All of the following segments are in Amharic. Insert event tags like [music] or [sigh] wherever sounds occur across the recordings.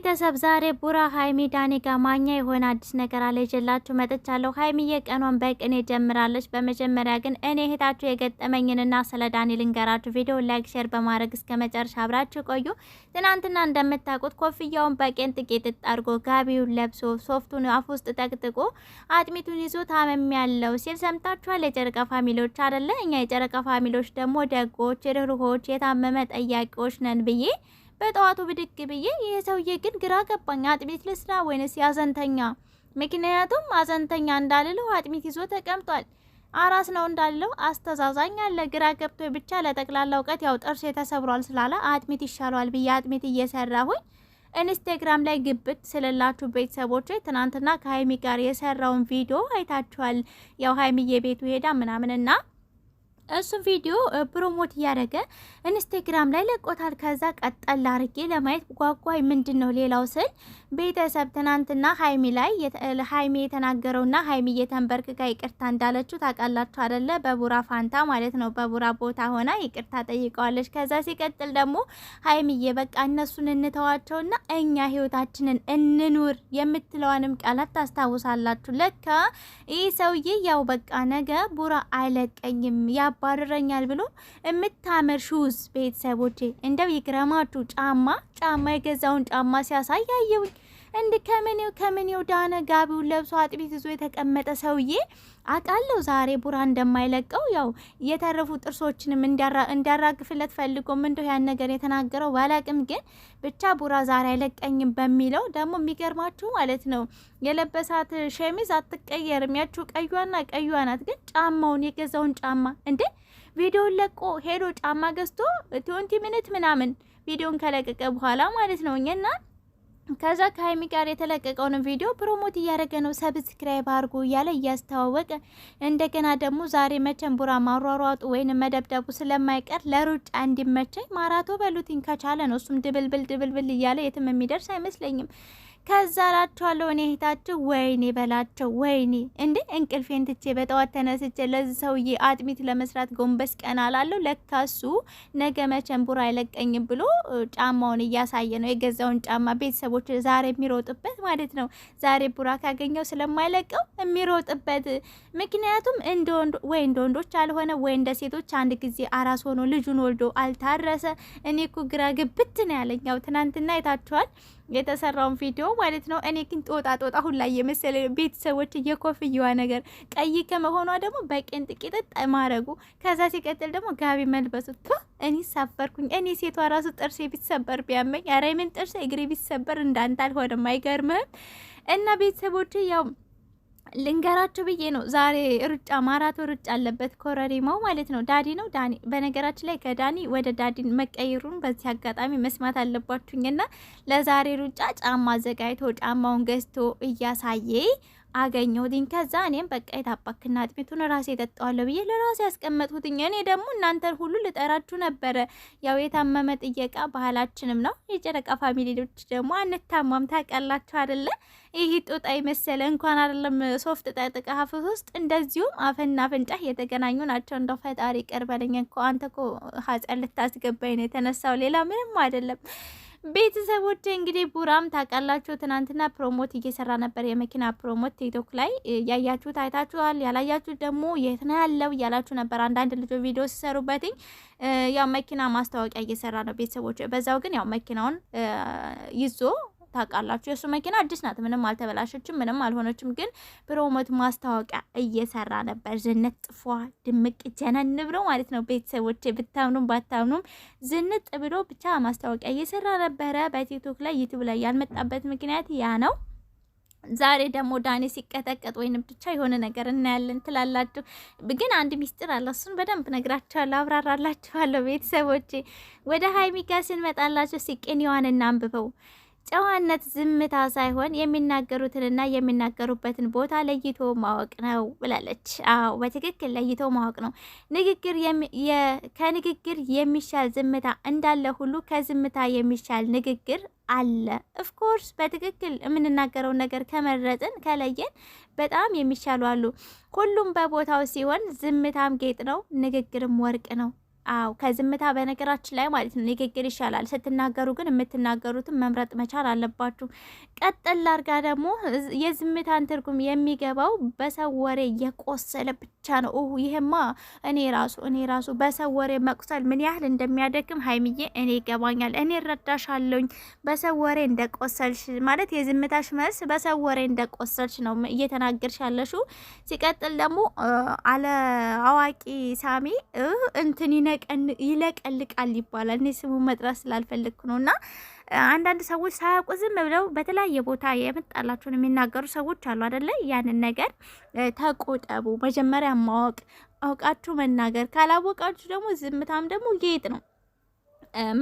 ቤተሰብ ዛሬ ቡራ ሀይሚ ዳኔ ጋር ማኛ የሆነ አዲስ ነገር አለ ይዤላችሁ መጥቻለሁ። ሀይሚ የቀኗን በቅኔ ጀምራለች። በመጀመሪያ ግን እኔ እህታችሁ የገጠመኝንና ስለ ዳኔ ልንገራችሁ። ቪዲዮ ላይክ፣ ሼር በማድረግ እስከ መጨረሻ አብራችሁ ቆዩ። ትናንትና እንደምታውቁት ኮፍያውን በቄን ጥቂት አድርጎ ጋቢውን ለብሶ ሶፍቱን አፍ ውስጥ ጠቅጥቆ አጥሚቱን ይዞ ታመም ያለው ሲል ሰምታችኋል። የጨረቃ ፋሚሊዎች አደለ? እኛ የጨረቃ ፋሚሊዎች ደግሞ ደጎች፣ ርህሩሆች፣ የታመመ ጠያቂዎች ነን ብዬ በጠዋቱ ብድግ ብዬ ይህ ሰውዬ ግን ግራ ገባኝ። አጥሚት ልስራ ወይንስ ያዘንተኛ? ምክንያቱም አዘንተኛ እንዳልለው አጥሚት ይዞ ተቀምጧል። አራስ ነው እንዳልለው አስተዛዛኝ አለ። ግራ ገብቶ ብቻ ለጠቅላላ እውቀት ያው ጥርስ የተሰብሯል ስላለ አጥሚት ይሻሏል ብዬ አጥሚት እየሰራሁኝ ኢንስታግራም ላይ ግብት ስለላችሁ ቤተሰቦች ትናንትና ከሀይሚ ጋር የሰራውን ቪዲዮ አይታችኋል። ያው ሀይሚዬ የቤቱ ሄዳ ምናምንና እሱም ቪዲዮ ፕሮሞት እያደረገ ኢንስታግራም ላይ ለቆታል። ከዛ ቀጠል አርጌ ለማየት ጓጓይ ምንድን ነው ሌላው ስል ቤተሰብ ትናንትና ሀይሚ ላይ ሀይሚ የተናገረውና ሀይሚ እየተንበርክካ ይቅርታ እንዳለችው ታውቃላችሁ አደለ? በቡራ ፋንታ ማለት ነው። በቡራ ቦታ ሆና ይቅርታ ጠይቀዋለች። ከዛ ሲቀጥል ደግሞ ሀይሚዬ በቃ እነሱን እንተዋቸውና እኛ ህይወታችንን እንኑር የምትለዋንም ቃላት ታስታውሳላችሁ። ለካ ይህ ሰውዬ ያው በቃ ነገ ቡራ አይለቀኝም ያ ያባርረኛል ብሎ የምታምር ሹዝ ቤተሰቦቼ እንደው ይግረማችሁ። ጫማ ጫማ የገዛውን ጫማ ሲያሳይ ያየውኝ እንድ ከምኔው ከምኔው ዳነ ጋቢውን ለብሶ አጥቢት ይዞ የተቀመጠ ሰውዬ አውቃለሁ ዛሬ ቡራ እንደማይለቀው ያው የተረፉ ጥርሶችንም እንዲያራግፍለት ፈልጎም እንደው ያን ነገር የተናገረው ባላቅም፣ ግን ብቻ ቡራ ዛሬ አይለቀኝም በሚለው ደግሞ የሚገርማችሁ ማለት ነው የለበሳት ሸሚዝ አትቀየርም። ያችሁ ቀዩና ቀዩዋ ናት። ግን ጫማውን የገዛውን ጫማ እንዴ ቪዲዮን ለቆ ሄዶ ጫማ ገዝቶ ትዌንቲ ሚኒት ምናምን ቪዲዮን ከለቀቀ በኋላ ማለት ነው እኛና ከዛ ከሀይሚ ጋር የተለቀቀውን ቪዲዮ ፕሮሞት እያደረገ ነው። ሰብስክራይብ አርጉ እያለ እያስተዋወቀ እንደገና ደግሞ ዛሬ መቼም ቡራ ማሯሯጡ ወይም መደብደቡ ስለማይቀር ለሩጫ እንዲመቸኝ ማራቶ በሉቲን ከቻለ ነው። እሱም ድብልብል ድብልብል እያለ የትም የሚደርስ አይመስለኝም። ከዛ እላቸዋለሁ እኔ እህታችሁ ወይኔ በላቸው ወይኔ እንዴ እንቅልፌን ትቼ በጠዋት ተነስቼ ለዚህ ሰውዬ አጥሚት ለመስራት ጎንበስ ቀና አላለሁ። ለካሱ ነገ መቼም ቡራ አይለቀኝም ብሎ ጫማውን እያሳየ ነው የገዛውን ጫማ ቤተሰቦች ዛሬ የሚሮጥበት ማለት ነው። ዛሬ ቡራ ካገኘው ስለማይለቀው የሚሮጥበት ምክንያቱም ወይ እንደ ወንዶች አልሆነ ወይ እንደ ሴቶች አንድ ጊዜ አራስ ሆኖ ልጁን ወልዶ አልታረሰ። እኔ እኮ ግራ ግብት ነው ያለኛው ትናንትና አይታችኋል። የተሰራውን ቪዲዮ ማለት ነው። እኔ ግን ጦጣ ጦጣ ሁላ የመሰለ ቤተሰቦች የኮፍያዋ ነገር ቀይ ከመሆኗ ደግሞ በቄንጥ ቂጥጥ ማረጉ፣ ከዛ ሲቀጥል ደግሞ ጋቢ መልበሱ እኔ ሳፈርኩኝ። እኔ ሴቷ ራሱ ጥርሴ ቢሰበር ቢያመኝ፣ ኧረ ምን ጥርሴ እግሬ ቢሰበር እንዳንተ አልሆነም። አይገርምህም? እና ቤተሰቦች ያው ልንገራችሁ ብዬ ነው። ዛሬ ሩጫ ማራቶ ሩጫ አለበት ኮረሪማው ማለት ነው። ዳዲ ነው ዳኒ። በነገራችን ላይ ከዳኒ ወደ ዳዲን መቀየሩን በዚህ አጋጣሚ መስማት አለባችሁኝና ለዛሬ ሩጫ ጫማ አዘጋጅቶ ጫማውን ገዝቶ እያሳየ አገኘሁትኝ። ከዛ እኔም በቃ የታባክና አጥሚቱን ራሴ ጠጣዋለሁ ብዬ ለራሴ ያስቀመጥሁትኝ። እኔ ደግሞ እናንተን ሁሉ ልጠራችሁ ነበረ። ያው የታመመ ጥየቃ ባህላችንም ነው። የጨረቃ ፋሚሊዎች ደግሞ አንታማም ታውቃላችሁ አይደለ? ይህ ጦጣ የመሰለ እንኳን አይደለም ሶፍት ጠጥቃ ሀፍፍ ውስጥ እንደዚሁም አፈና አፍንጫህ የተገናኙ ናቸው። እንደው ፈጣሪ ይቅር በለኝ እኮ አንተ እኮ ሀጸን ልታስገባኝ ነው የተነሳው ሌላ ምንም አይደለም። ቤተሰቦች እንግዲህ ቡራም ታውቃላችሁ፣ ትናንትና ፕሮሞት እየሰራ ነበር። የመኪና ፕሮሞት ቲክቶክ ላይ ያያችሁት አይታችኋል፣ ያላያችሁ ደግሞ የት ነው ያለው እያላችሁ ነበር። አንዳንድ ልጆች ቪዲዮ ሲሰሩበትኝ ያው መኪና ማስታወቂያ እየሰራ ነው ቤተሰቦች። በዛው ግን ያው መኪናውን ይዞ ታውቃላችሁ። የእሱ መኪና አዲስ ናት፣ ምንም አልተበላሸችም፣ ምንም አልሆነችም። ግን ፕሮሞት ማስታወቂያ እየሰራ ነበር። ዝንጥ ጥፏ ድምቅ ጀነን ብሎ ማለት ነው። ቤተሰቦቼ ብታምኑም ባታምኑም ዝንጥ ብሎ ብቻ ማስታወቂያ እየሰራ ነበረ በቲክቶክ ላይ ዩቲዩብ ላይ ያልመጣበት ምክንያት ያ ነው። ዛሬ ደግሞ ዳኔ ሲቀጠቀጥ ወይንም ብቻ የሆነ ነገር እናያለን ትላላችሁ። ግን አንድ ሚስጥር አለ። እሱን በደንብ ነግራችኋለሁ፣ አብራራላችኋለሁ። ቤተሰቦቼ ወደ ሀይሚ ጋር ስንመጣላችሁ ሲቄን የዋን እናንብበው ጨዋነት ዝምታ ሳይሆን የሚናገሩትንና የሚናገሩበትን ቦታ ለይቶ ማወቅ ነው ብላለች። አዎ በትክክል ለይቶ ማወቅ ነው። ንግግር ከንግግር የሚሻል ዝምታ እንዳለ ሁሉ ከዝምታ የሚሻል ንግግር አለ። ኦፍኮርስ በትክክል የምንናገረው ነገር ከመረጥን ከለየን በጣም የሚሻሉ አሉ። ሁሉም በቦታው ሲሆን ዝምታም ጌጥ ነው፣ ንግግርም ወርቅ ነው። አዎ ከዝምታ በነገራችን ላይ ማለት ነው ንግግር ይሻላል። ስትናገሩ ግን የምትናገሩትን መምረጥ መቻል አለባችሁ። ቀጥል አርጋ ደግሞ የዝምታን ትርጉም የሚገባው በሰው ወሬ የቆሰለ ብቻ ነው። ይሄማ እኔ ራሱ እኔ ራሱ በሰው ወሬ መቁሰል ምን ያህል እንደሚያደክም ሀይሚዬ፣ እኔ ይገባኛል፣ እኔ እረዳሻለሁኝ። በሰው ወሬ እንደቆሰልሽ ማለት የዝምታሽ መልስ በሰው ወሬ እንደቆሰልሽ ነው እየተናገርሽ ያለሽው። ሲቀጥል ደግሞ አለ አዋቂ ሳሚ እንትን ይነ ይለቀልቃል ይባላል። እኔ ስሙ መጥራት ስላልፈለግኩ ነው። እና አንዳንድ ሰዎች ሳያውቁ ዝም ብለው በተለያየ ቦታ የመጣላቸውን የሚናገሩ ሰዎች አሉ አደለ? ያንን ነገር ተቆጠቡ። መጀመሪያ ማወቅ አውቃችሁ መናገር፣ ካላወቃችሁ ደግሞ ዝምታም ደግሞ ጌጥ ነው።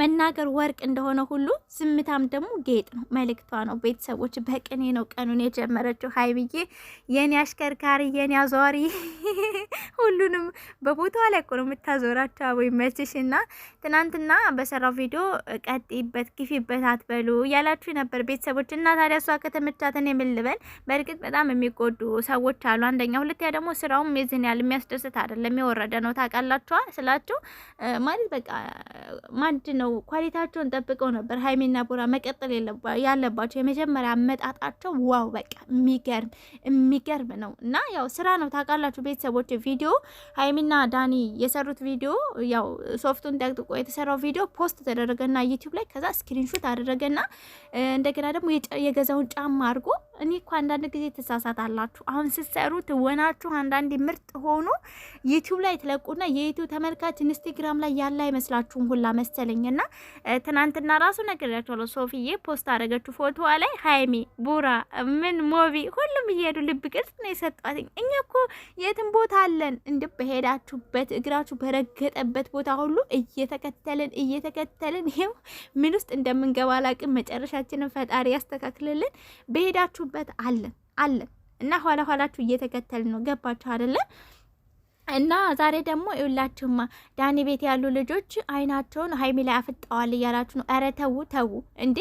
መናገር ወርቅ እንደሆነ ሁሉ ዝምታም ደግሞ ጌጥ ነው፣ መልእክቷ ነው። ቤተሰቦች በቅኔ ነው ቀኑን የጀመረችው ሀይሚዬ፣ የኔ አሽከርካሪ፣ የኔ አዟሪ፣ [laughs] ሁሉንም በቦታዋ ላይ እኮ ነው የምታዞራቸው። አቦ ይመችሽ። እና ትናንትና በሰራው ቪዲዮ ቀጥይበት፣ ግፊበት አትበሉ እያላችሁ ነበር ቤተሰቦች። እና ታዲያ እሷ ከተመቻትን የምልበል በእርግጥ በጣም የሚጎዱ ሰዎች አሉ። አንደኛ፣ ሁለተኛ ደግሞ ስራውም የዝን ያህል የሚያስደስት አይደለም፣ የወረደ ነው። ታውቃላችኋ ስላችሁ ማለት በቃ አንድ ነው። ኳሊታቸውን ጠብቀው ነበር ሀይሜና ቦራ መቀጠል ያለባቸው። የመጀመሪያ አመጣጣቸው ዋው፣ በቃ የሚገርም የሚገርም ነው። እና ያው ስራ ነው ታውቃላችሁ ቤተሰቦች። ቪዲዮ ሀይሜና ዳኒ የሰሩት ቪዲዮ ያው ሶፍቱን ጠቅጥቆ የተሰራው ቪዲዮ ፖስት ተደረገና ዩቲዩብ ላይ ከዛ ስክሪንሾት አደረገና እንደገና ደግሞ የገዛውን ጫማ አድርጎ እኔ እኮ አንዳንድ ጊዜ ትሳሳታላችሁ። አሁን ስትሰሩ ትወናችሁ አንዳንድ ምርጥ ሆኖ ዩቲዩብ ላይ ትለቁና የዩቲዩብ ተመልካች ኢንስታግራም ላይ ያለ አይመስላችሁም ሁላ መሰለኝ። እና ትናንትና ራሱ ነግሬያችኋለሁ። ሶፊዬ ፖስት አደረገችው ፎቶዋ ላይ ሀይሚ፣ ቡራ፣ ምን ሞቢ ሁሉም እየሄዱ ልብ ቅርጽ ነው የሰጧት። እኛ እኮ የትም ቦታ አለን እንደ በሄዳችሁበት እግራችሁ በረገጠበት ቦታ ሁሉ እየተከተልን እየተከተልን ይኸው ምን ውስጥ እንደምንገባ አላቅም። መጨረሻችንን ፈጣሪ ያስተካክልልን። በሄዳችሁ ያላችሁበት አለን አለን እና ኋላ ኋላችሁ እየተከተል ነው። ገባችሁ አደለ? እና ዛሬ ደግሞ ይውላችሁማ ዳኒ ቤት ያሉ ልጆች አይናቸውን ሀይሚ ላይ አፍጠዋል እያላችሁ ነው። ኧረ ተዉ ተዉ እንዴ!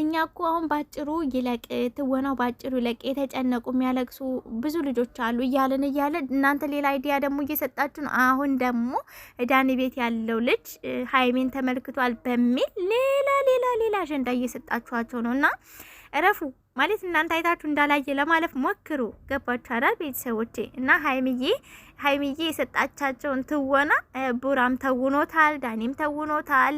እኛ እኮ አሁን ባጭሩ ይለቅ ትወናው ባጭሩ ይለቅ። የተጨነቁ የሚያለቅሱ ብዙ ልጆች አሉ እያለን እያለ እናንተ ሌላ አይዲያ ደግሞ እየሰጣችሁ ነው። አሁን ደግሞ ዳኒ ቤት ያለው ልጅ ሀይሜን ተመልክቷል በሚል ሌላ ሌላ ሌላ አጀንዳ እየሰጣችኋቸው ነው እና እረፉ ማለት እናንተ አይታችሁ እንዳላየ ለማለፍ ሞክሩ። ገባችሁ አይደል ቤተሰቦቼ? እና ሀይሚዬ ሀይሚዬ የሰጣቻቸውን ትወና ቡራም ተውኖታል፣ ዳኒም ተውኖታል።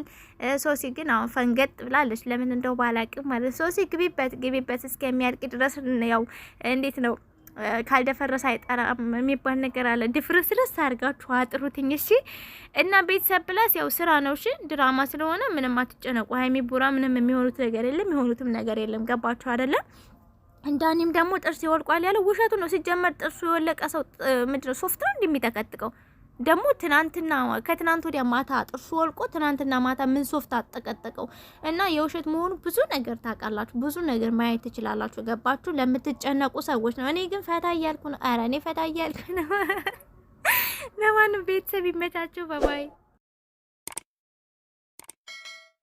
ሶሲ ግን አሁን ፈንገጥ ብላለች። ለምን እንደው ባላቅም ማለት ሶሲ ግቢበት ግቢበት እስከሚያልቅ ድረስ ያው እንዴት ነው ካልደፈረሰ አይጠራም የሚባል ነገር አለ። ድፍርስርስ አድርጋችሁ አጥሩትኝ እሺ። እና ቤተሰብ ብላስ ያው ስራ ነው እሺ። ድራማ ስለሆነ ምንም አትጨነቁ። ሀይሚ ቡራ ምንም የሚሆኑት ነገር የለም፣ የሆኑትም ነገር የለም። ገባችሁ አይደለም? እንዳኒም ደግሞ ጥርስ ይወልቋል ያለው ውሸቱ ነው። ሲጀመር ጥርሱ የወለቀ ሰው ምንድነው ሶፍት ነው እንደሚጠቀጥቀው ደግሞ ትናንትና ከትናንት ወዲያ ማታ ጥርሱ ወልቆ ትናንትና ማታ ምን ሶፍት አጠቀጠቀው እና የውሸት መሆኑ ብዙ ነገር ታውቃላችሁ፣ ብዙ ነገር ማየት ትችላላችሁ። ገባችሁ? ለምትጨነቁ ሰዎች ነው። እኔ ግን ፈታ እያልኩ ነው። ኧረ እኔ ፈታ እያልኩ ነው። ለማንም ቤተሰብ ይመቻችሁ። በባይ